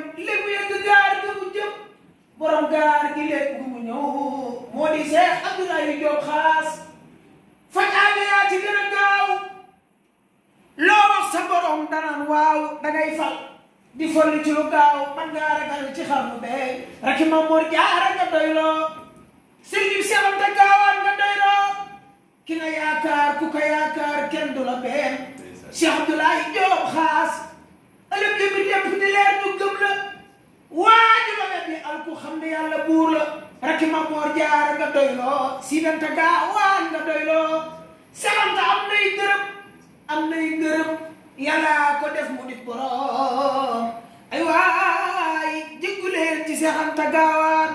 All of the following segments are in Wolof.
dem léegi gaar gi mu borom gaar gi léegi mu ñëw moo di Cheikh Abdoulaye Diop Xaas fataane yaa ci gën a gaaw loo wax sa borom danaan waaw dangay fal di folli ci lu gaaw man ngaa ragal ci xarnu bee raki ma mor jaara nga doyloo sëriñ bi seexante gaawaan nga doyloo ki nga yaakaar ku ko yaakaar kenn du la benn Cheikh Abdoulaye Diop Xaas ëllëg li bi di leer ñu gëm la waa ji ma di alku xam ne yàlla buur la rakki ma moor jaar nga doyloo sidanta gaa waan nga doyloo sabanta am nay gërëm am nay ngërëm yàlla ko def mu nit borom ay waay jéggu leen ci seexanta gaawaan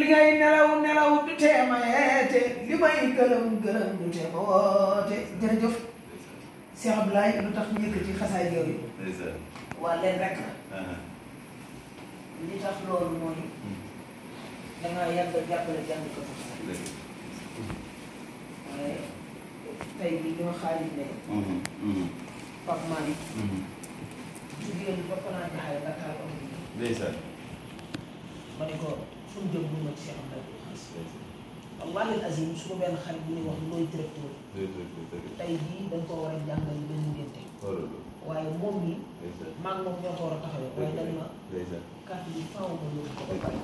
li ngay nelaw nelaw du teema yeete li may gërëm gërëm du teema woote jërëjëf Cheikh Abdoulaye lu tax ñu yëkkati xasaay yooyu. waa leen rek la. li tax loolu mooy. Hmm. dangaa yàgg jàppale jàng ko. waaye tey bi ñoo xaalis ne. Hmm. Hmm. Pape Malick. jigéen ba ko naan jaxale ba taal am. ndeysaan. ma ne ko fu mu jëm lu ma ci Cheikh Abdoulaye. wallaahi azim suñu benn xarit bu ñuy wax looy directeur tey jii dañ koo war a jàngal yi dañu ngénte waaye moom yi maag moom ñoo ko war a taxawee waaye dañ ma carte bi faaw ma yóbbu ko ba pare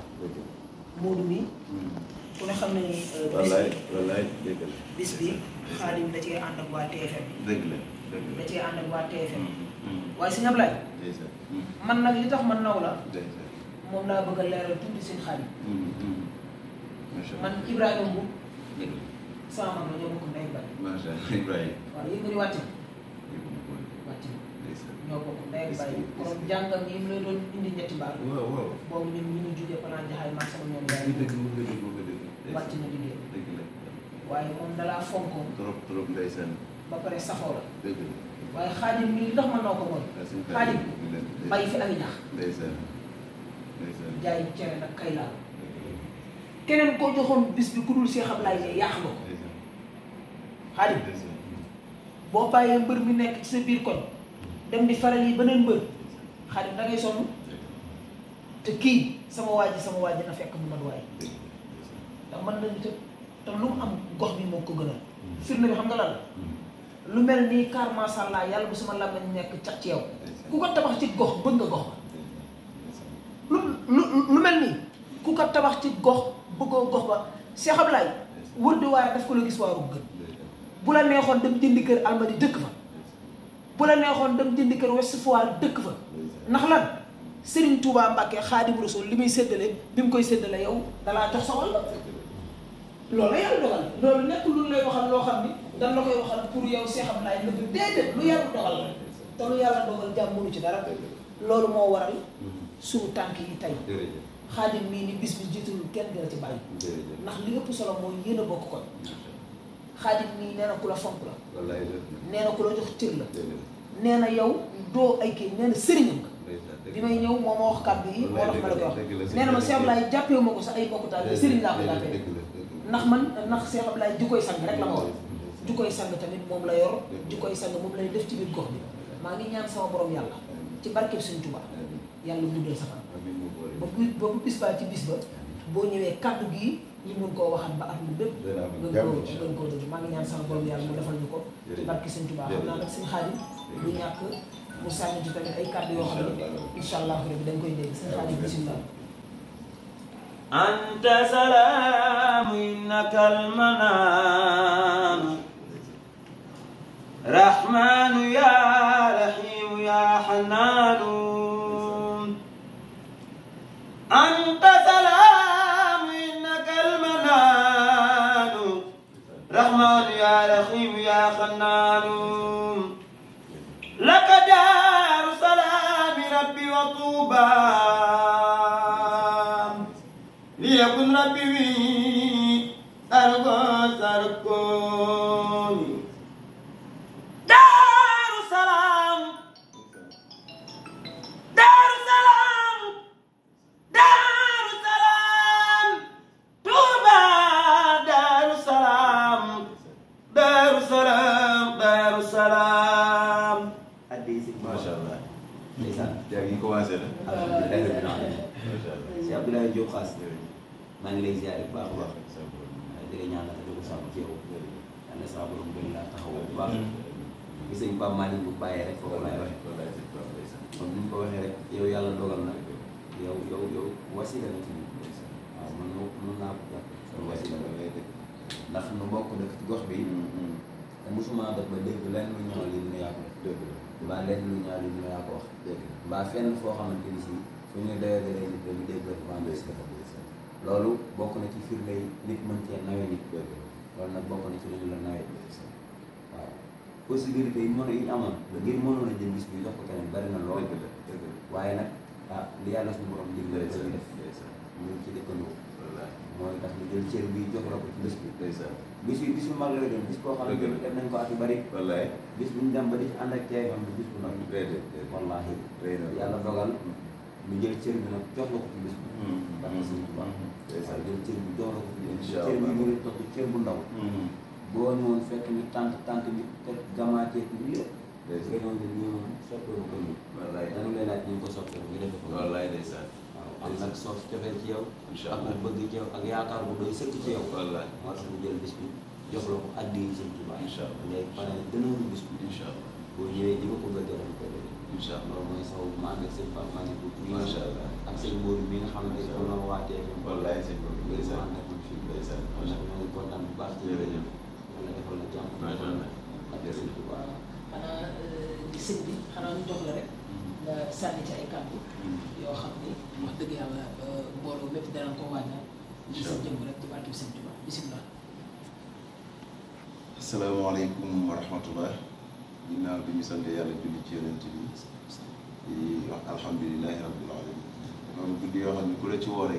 Modou hmm. euh, la bis si ñablaay man tax man naw la moom laa a man Ibrahima Mbour. dëgg la sama mag la ñoo bokk ndey na. wàcc na. ñoo bokk ndey bari. kon jàngal yi mu lay doon indi ñetti baal. waaw waaw boobu ñun ñu ngi jugee Fala Ndiaye maa sama ñoom yaay. dëgg la dëgg la wàcc na liggéey. dëgg la waaye moom dalaa trop trop ndeysaan. ba pare sa la. dëgg la mi ndox ma noo ko woon. xaadim bàyyi fi ay ñax. kay laal keneen koo joxoon bis bi ku dul Cheikh Ablaye Dieng yaax nga ko xaalis boo bàyyee mbër mi nekk ci sa biir koñ dem di faral yi beneen mbër xaalis da ngay sonn te kii sama waaj sama waa ji na fekk mu man waay ndax man lañu te te lu mu am gox bi moo ko gën a firnde bi xam nga lan lu mel nii car masha Allah yàlla bu sama làmbañ nekk ca ci yow ku ko tabax ci gox bëgg nga gox ba lu mel nii ku ko tabax ci gox bëggoo gox ba Cheikh Ablaye wër daf ko la gis waaru gën bu la neexoon dem jëndi kër Almadi dëkk fa bu la neexoon dam jëndi kër Ouest Foire dëkk fa ndax lan Serigne Touba Mbacke Xaadimu Rasuul li muy séddale bi mu koy seddale yow dalaa jox sa wàll loolu yàlla dogal loolu nekk lu lay waxal loo xam ni dan la koy waxal pour yow Cheikh Ablaye lëbb déedéet lu yàlla dogal la te lu yàlla dogal jàmm ci dara loolu moo waral suñu tànk yi tey xaadim mii ni bis bi jiitalul kenn dara ci bàyyi ndax li ëpp solo mooy yéen bokk koñ xaadim mii nee ku la fonk la nee ku la jox cër la nee na yow doo ay kii nee na sëriñam bi may ñëw moom ma wax kàddu yi moo tax ma la ko wax nee na ma Cheikh Abdoulaye jàppee ma ko sax ay bokk taal sëriñ laa ko jàppee ndax man ndax Cheikh Abdoulaye ju koy sang rek la ma wax ju koy sang tamit moom la yor ju koy sang moom lay def ci biir gox bi maa ngi ñaan sama ci barkeb suñu Tuubaa yàlla guddal sa fan ba ku ba ku ba ci bis boo ñëwee kàddu gi ñu mën koo waxaat ba at lu bépp gën koo gën koo maa ngi ñaan sama borom yàlla mu defal ñu ko ci barki sëñ Tuubaa xam naa nag sëñ Xaadim mu sànni ci tamit ay kàddu yoo xam ne incha allahu rabbi dañ koy dégg sëñ Xaadim bisimilah anta salaamu innaka almanaanu rahmaanu ya rahiimu ya xanaanu أنت سلام إنك المنان رحمن يا رحيم يا خنان لك دار سلام ربي وطوبى ليكن ربي xaasida la si Abdoulaye Diop xaasida la maa ngi lay ziare bu baax baax di la ñaanal di ko sàmm ci yow yal na saa borom gën laa taxawoo bu baax ni mu ko waxee rek yow yàlla dogal na yow yow yow wasila la ci ñun waaw man ma mën naa ko jàpp gox bi musuma def ba dégg lenn lu ñëw li ñu yàgg dëgg mbaa lenn lu ñaaw ñu yaa ko wax dégg mbaa fenn foo xamante ni si fu ñu doyoo doyoo nit dañu dégg vendeur si dafa bëri loolu bokk na ci firnde yi nit mën cee nawe nit dégg loolu nag bokk na ci lu ñu la nawe waaw possibilité yi mën yi amoon ngir mënoon a jël bis bi jox ko keneen bari na lool waaye nag ah li yàlla suñu borom digle jël cër bi jox la ko ci bés bi bis bi bis bu mag la doon bis boo xam ne def nañ ko at bari wallaay bis bu ñu dem ba di ci ak caay man bis bu mag wallaahi yàlla dogal mu jël cër bi nag jox la ko ci bés bi mm-hmm. ndax Sëriñ Tuubaa mm-hmm. ndeysaan jël cër bi jox ko ci bés mu ngi topp cër bu ndaw mm-hmm. boo woon fekk ñu tànt tànt bi te gamaatee bi yëpp nga ñëw ne ñu soppeeku ko ñu wallaay dana lay laaj ñu ko def ko wallaay ndeysaan am nag soof cofeel ci yow ak nag bëgg ci yow ak yaakaar bu mu sëkk ci yow wallaay moo tax ñu jël bis bi jox la ko addi yi sëñ Tuubaa ngay ji ma ko bëgg rek ko def incha allah loolu mooy ak sëñ Pape maa ngi ko kii macha allah ak sëñ Mbodj mi nga xam ne dañ ko doon waatee fi wallaay sëñ Mbodj ndeysaan ànd ak man fii ndeysaan macha allah ñu ngi kontaan bu baax ci jërëjëf yàlla defal la jàmm macha allah ak sëñ Tuubaa xanaa euh, sëñ bi xanaa ñu jox la rek nga sànni ci ay yoo xam ni wax dëgg yàlla euh, mbooloo mépp danañ ko waajal di sa jëm rek ci barke sëñ Tuubaa bisimilah. asalaamaaleykum wa rahmatullah ginnaaw bi ñu sant yàlla julli ci yonent bi di wax alhamdulilahi rabbil alamin loolu guddi yoo xam ne ku la ci woore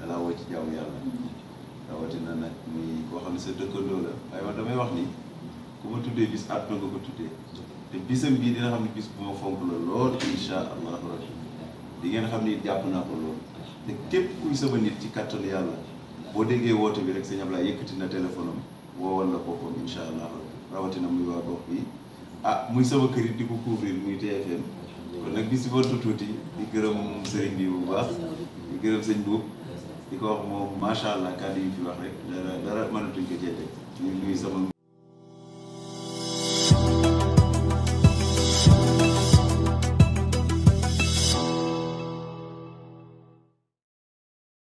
dalaa woo ci jaamu yàlla mm-hmm. rawatina nag muy koo xam ne sa dëkkandoo la waaye man damay wax ni. ku ma tuddee bis àdduna nga ko tuddee te bisam bii dina xam ne bis bu ma fonk la lool insha allahu rabbi di xam ni jàpp naa ko lool te képp kuy sama nit ci kattanu yàlla boo deggee woote bi rek sëñ Ablaye yëkkati na téléphone am woowal la boppam insha allahu rawatina muy waa gox bi ah muy sama kër it di ko couvrir muy TFM kon nag bis bi warta tuuti di gërëm sëriñ bi bu baax di gërëm sëñ boobu di ko wax moom macha allah kàddu yi fi wax rek dara dara mënatuñ